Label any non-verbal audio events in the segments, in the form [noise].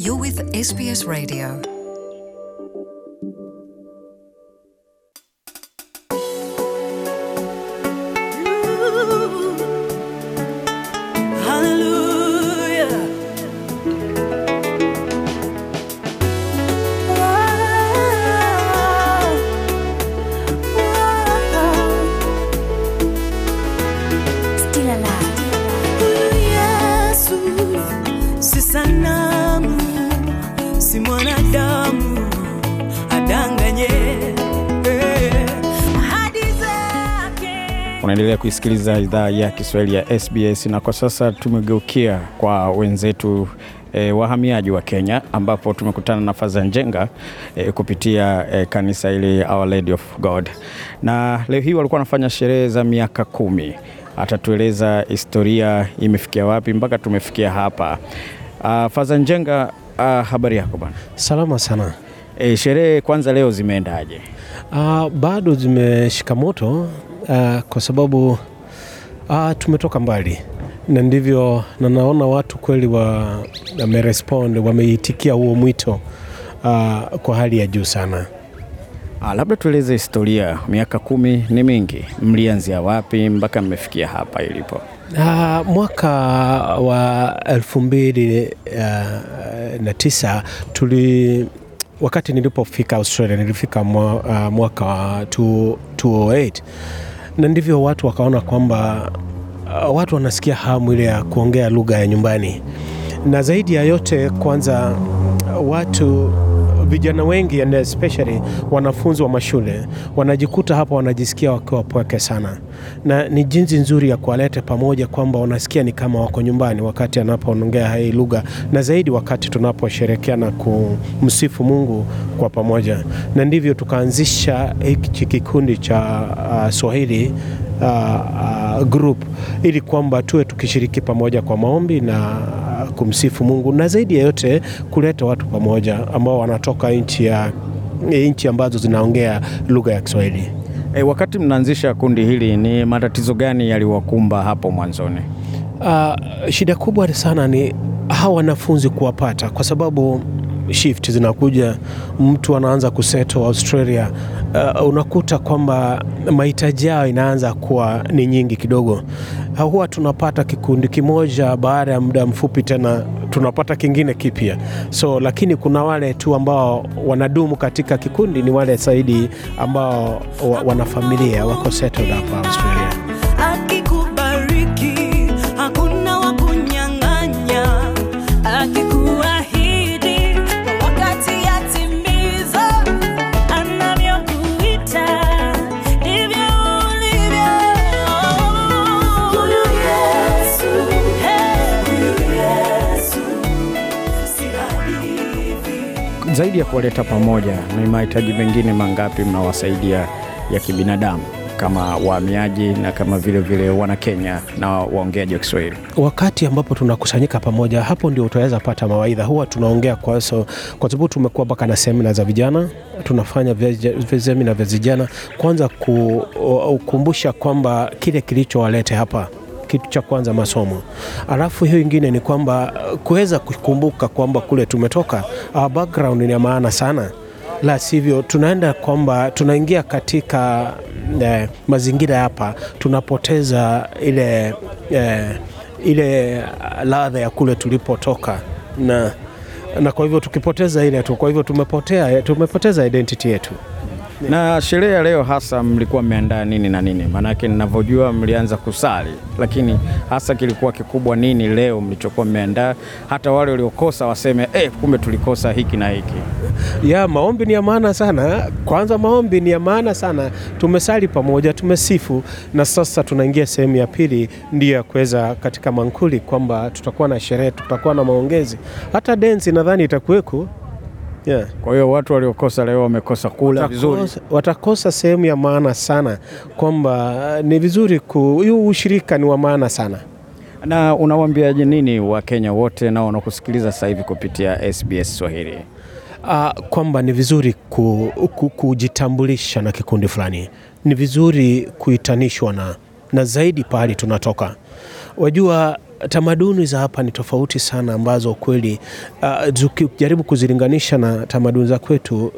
You're with SBS Radio. Unaendelea kuisikiliza idhaa ya Kiswahili ya SBS na kwa sasa tumegeukia kwa wenzetu E, wahamiaji wa Kenya ambapo tumekutana na Faza Njenga e, kupitia e, kanisa ili Our Lady of God, na leo hii walikuwa wanafanya sherehe za miaka kumi. Atatueleza historia imefikia wapi mpaka tumefikia hapa. Uh, Faza Njenga, uh, habari yako bwana? Salama sana. E, sherehe kwanza leo zimeendaje? Ah, bado zimeshika moto uh, kwa sababu uh, tumetoka mbali na ndivyo na naona watu kweli wamerespond, wameitikia huo mwito uh, kwa hali ya juu sana. Ah, labda tueleze historia. Miaka kumi ni mingi, mlianzia wapi mpaka mmefikia hapa ilipo? Ah, mwaka wa elfu mbili uh, na tisa tuli wakati nilipofika Australia nilifika mwa, uh, mwaka wa 2008 na ndivyo watu wakaona kwamba uh, watu wanasikia hamu ile ya kuongea lugha ya nyumbani, na zaidi ya yote, kwanza uh, watu vijana wengi and especially wanafunzi wa mashule wanajikuta hapa, wanajisikia wakiwa pweke sana, na ni jinsi nzuri ya kuwaleta pamoja, kwamba wanasikia ni kama wako nyumbani wakati anapoongea hii lugha, na zaidi wakati tunaposherekea na kumsifu Mungu kwa pamoja, na ndivyo tukaanzisha hiki kikundi cha uh, Swahili uh, uh, group ili kwamba tuwe tukishiriki pamoja kwa maombi na kumsifu Mungu na zaidi ya yote kuleta watu pamoja ambao wanatoka nchi ya eh, nchi ambazo zinaongea lugha ya Kiswahili. E, wakati mnaanzisha kundi hili ni matatizo gani yaliwakumba hapo mwanzoni? Uh, shida kubwa sana ni hawa wanafunzi kuwapata kwa sababu shift zinakuja, mtu anaanza kuseto Australia, uh, unakuta kwamba mahitaji yao inaanza kuwa ni nyingi kidogo. Uh, huwa tunapata kikundi kimoja, baada ya muda mfupi tena tunapata kingine kipya. So lakini kuna wale tu ambao wanadumu katika kikundi, ni wale zaidi ambao wanafamilia wako settled hapa Australia. kuwaleta pamoja? Ni mahitaji mengine mangapi mnawasaidia ya kibinadamu kama wahamiaji na kama vile vile wana Kenya na waongeaji wa Kiswahili. Wakati ambapo tunakusanyika pamoja, hapo ndio utaweza pata mawaidha. Huwa tunaongea kwa so, kwa sababu tumekuwa mpaka na semina za vijana, tunafanya semina vya vijana kwanza kukumbusha kwamba kile kilichowalete hapa kitu cha kwanza masomo. Alafu hiyo ingine ni kwamba uh, kuweza kukumbuka kwamba kule tumetoka, our background ni ya maana sana, la sivyo tunaenda kwamba tunaingia katika eh, mazingira hapa tunapoteza ile eh, ile ladha ya kule tulipotoka na na kwa hivyo tukipoteza ile tu, kwa hivyo tumepotea, tumepoteza identity yetu. Na sherehe ya leo hasa mlikuwa mmeandaa nini na nini? Maanake ninavyojua mlianza kusali, lakini hasa kilikuwa kikubwa nini leo mlichokuwa mmeandaa, hata wale waliokosa waseme eh, kumbe tulikosa hiki na hiki? Ya maombi ni ya maana sana. Kwanza maombi ni ya maana sana, tumesali pamoja, tumesifu, na sasa tunaingia sehemu ya pili, ndiyo ya kuweza katika mankuli kwamba tutakuwa na sherehe, tutakuwa na maongezi, hata densi nadhani itakuweko yeah. Kwa hiyo watu waliokosa leo wamekosa kula vizuri watakosa sehemu ya maana sana, kwamba uh, ni vizuri huu ushirika ni wa maana sana. Na unawaambiaje nini Wakenya wote nao wanakusikiliza sasa hivi kupitia SBS Swahili? Uh, kwamba ni vizuri ku, ku, kujitambulisha na kikundi fulani, ni vizuri kuitanishwa na na zaidi pahali tunatoka. Wajua tamaduni za hapa ni tofauti sana, ambazo kweli tukijaribu uh, kuzilinganisha na tamaduni za kwetu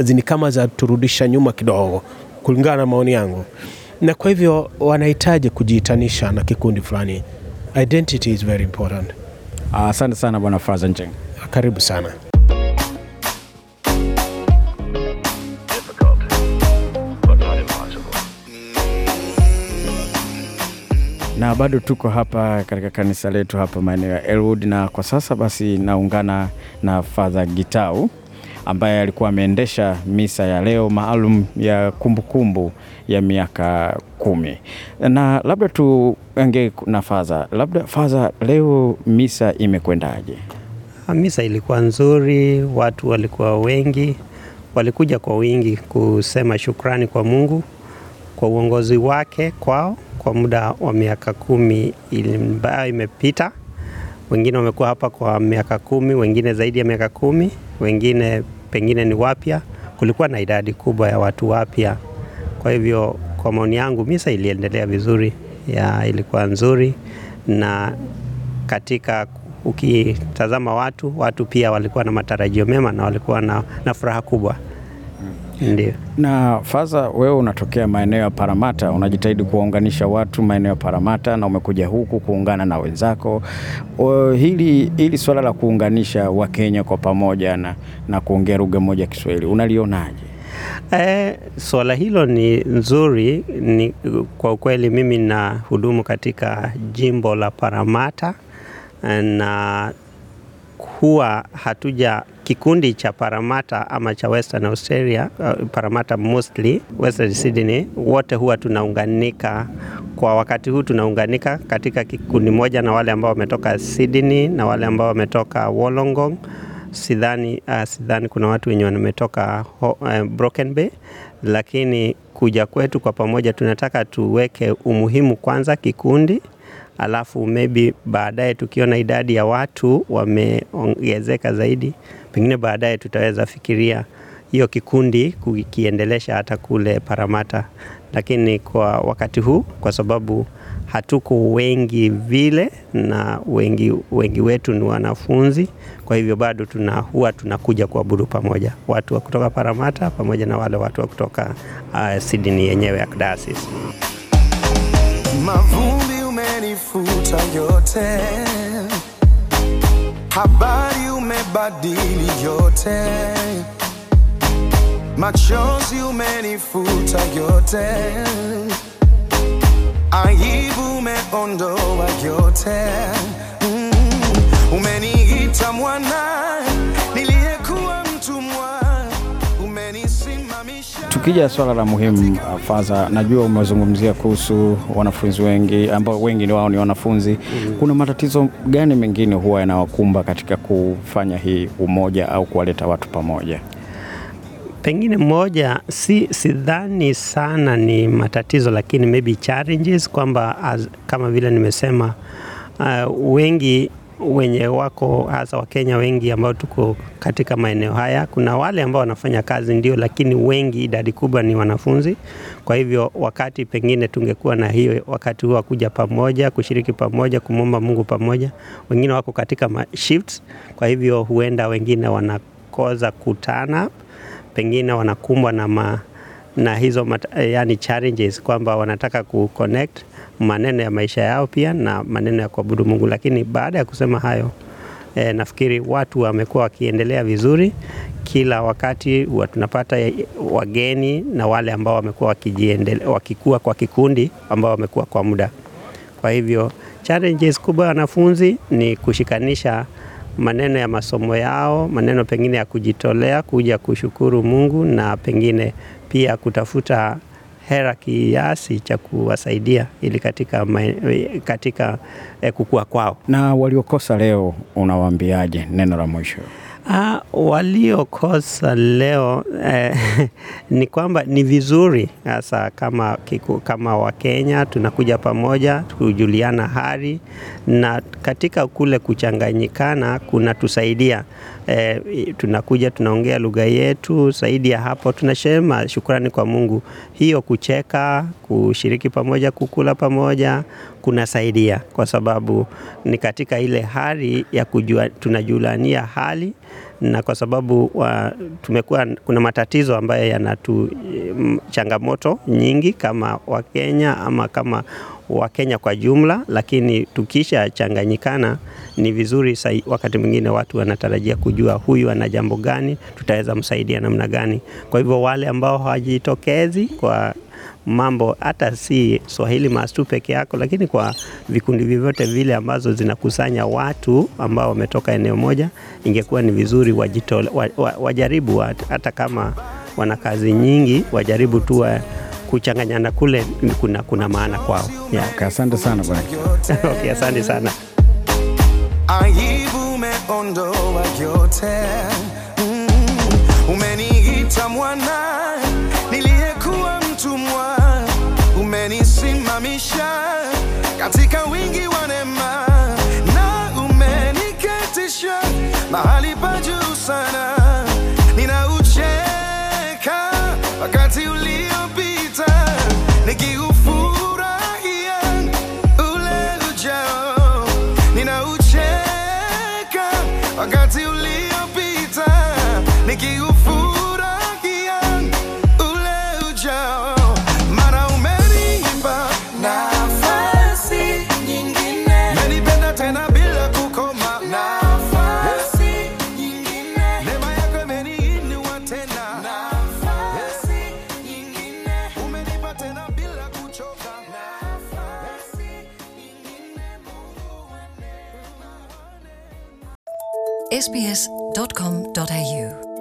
uh, ni kama zaturudisha nyuma kidogo, kulingana na maoni yangu, na kwa hivyo wanahitaji kujiitanisha na kikundi fulani. Identity is very important. Asante uh, sana Bwana Fraza Njenga, karibu sana. na bado tuko hapa katika kanisa letu hapa maeneo ya Elwood, na kwa sasa basi naungana na Father Gitau ambaye alikuwa ameendesha misa ya leo maalum ya kumbukumbu kumbu ya miaka kumi, na labda tuongee na Father. Labda Father, leo misa imekwendaje? Ah, misa ilikuwa nzuri, watu walikuwa wengi, walikuja kwa wingi kusema shukrani kwa Mungu kwa uongozi wake kwao kwa muda wa miaka kumi ambayo imepita. Wengine wamekuwa hapa kwa miaka kumi, wengine zaidi ya miaka kumi, wengine pengine ni wapya. Kulikuwa na idadi kubwa ya watu wapya, kwa hivyo kwa maoni yangu misa iliendelea vizuri ya, ilikuwa nzuri na katika ukitazama watu watu pia walikuwa na matarajio mema na walikuwa na, na furaha kubwa. Ndiyo. Na Faza, wewe unatokea maeneo ya Paramata, unajitahidi kuwaunganisha watu maeneo ya Paramata na umekuja huku kuungana na wenzako. Hili, hili swala la kuunganisha Wakenya kwa pamoja na, na kuongea lugha moja Kiswahili unalionaje? Eh, swala hilo ni nzuri. Ni kwa ukweli mimi na hudumu katika jimbo la Paramata eh, na huwa hatuja kikundi cha Paramata ama cha Western Australia, uh, Paramata mostly Western Sydney, wote huwa tunaunganika kwa wakati huu, tunaunganika katika kikundi moja na wale ambao wametoka Sydney na wale ambao wametoka Wollongong. Sidhani, uh, sidhani kuna watu wenye wametoka uh, Broken Bay, lakini kuja kwetu kwa pamoja tunataka tuweke umuhimu kwanza kikundi alafu maybe baadaye tukiona idadi ya watu wameongezeka zaidi, pengine baadaye tutaweza fikiria hiyo kikundi kukiendelesha hata kule Paramata, lakini kwa wakati huu, kwa sababu hatuko wengi vile na wengi, wengi wetu ni wanafunzi, kwa hivyo bado tuna huwa tunakuja kuabudu pamoja, watu wa kutoka Paramata pamoja na wale watu wa kutoka uh, Sydney yenyewe ya diocese. Mavumbi maisha yote, habari umebadili yote, machozi umenifuta yote, aibu umeondoa yote, mm, umeniita mwana Tukija swala la muhimu, uh, Faza, najua umezungumzia kuhusu wanafunzi wengi ambao wengi ni wao ni wanafunzi. Mm-hmm. Kuna matatizo gani mengine huwa yanawakumba katika kufanya hii umoja au kuwaleta watu pamoja? Pengine mmoja si sidhani sana ni matatizo, lakini maybe challenges kwamba as, kama vile nimesema uh, wengi wenye wako hasa Wakenya wengi ambao tuko katika maeneo haya. Kuna wale ambao wanafanya kazi ndio, lakini wengi, idadi kubwa ni wanafunzi. Kwa hivyo wakati pengine tungekuwa na hiyo wakati huo kuja pamoja, kushiriki pamoja, kumwomba Mungu pamoja. Wengine wako katika shifts, kwa hivyo huenda wengine wanakoza kutana, pengine wanakumbwa na ma na hizo mat, eh, yani challenges kwamba wanataka ku connect maneno ya maisha yao pia na maneno ya kuabudu Mungu. Lakini baada ya kusema hayo e, nafikiri watu wamekuwa wakiendelea vizuri. Kila wakati huwa tunapata eh, wageni na wale ambao wamekuwa wakikua kwa kikundi ambao wamekuwa kwa muda. Kwa hivyo challenges kubwa wanafunzi ni kushikanisha maneno ya masomo yao, maneno pengine ya kujitolea kuja kushukuru Mungu na pengine pia kutafuta hera kiasi cha kuwasaidia ili katika, katika eh, kukua kwao. Na waliokosa leo unawaambiaje neno la mwisho? Ah, waliokosa leo eh, [laughs] ni kwamba ni vizuri hasa kama, kiku, kama Wakenya tunakuja pamoja kujuliana hali na katika kule kuchanganyikana kunatusaidia. Eh, tunakuja tunaongea lugha yetu. Zaidi ya hapo tunasema shukrani kwa Mungu, hiyo kucheka, kushiriki pamoja, kukula pamoja kunasaidia kwa sababu ni katika ile hali ya kujua, tunajulania hali na kwa sababu wa, tumekuwa kuna matatizo ambayo yanatu mm, changamoto nyingi kama Wakenya ama kama Wakenya kwa jumla, lakini tukisha changanyikana ni vizuri sai, wakati mwingine watu wanatarajia kujua huyu ana jambo gani, tutaweza msaidia namna gani. Kwa hivyo wale ambao hawajitokezi kwa mambo hata si Swahili Mastu peke yako, lakini kwa vikundi vyovyote vile ambazo zinakusanya watu ambao wametoka eneo moja, ingekuwa ni vizuri wajitole, wajaribu hata kama wana kazi nyingi, wajaribu tu kuchanganyana kule, kuna, kuna maana kwao yeah. Okay, asante sana bwana. [laughs] Okay, asante sana. Aibu umeondoa yote, mm, umeniita mwana sana sbs.com.au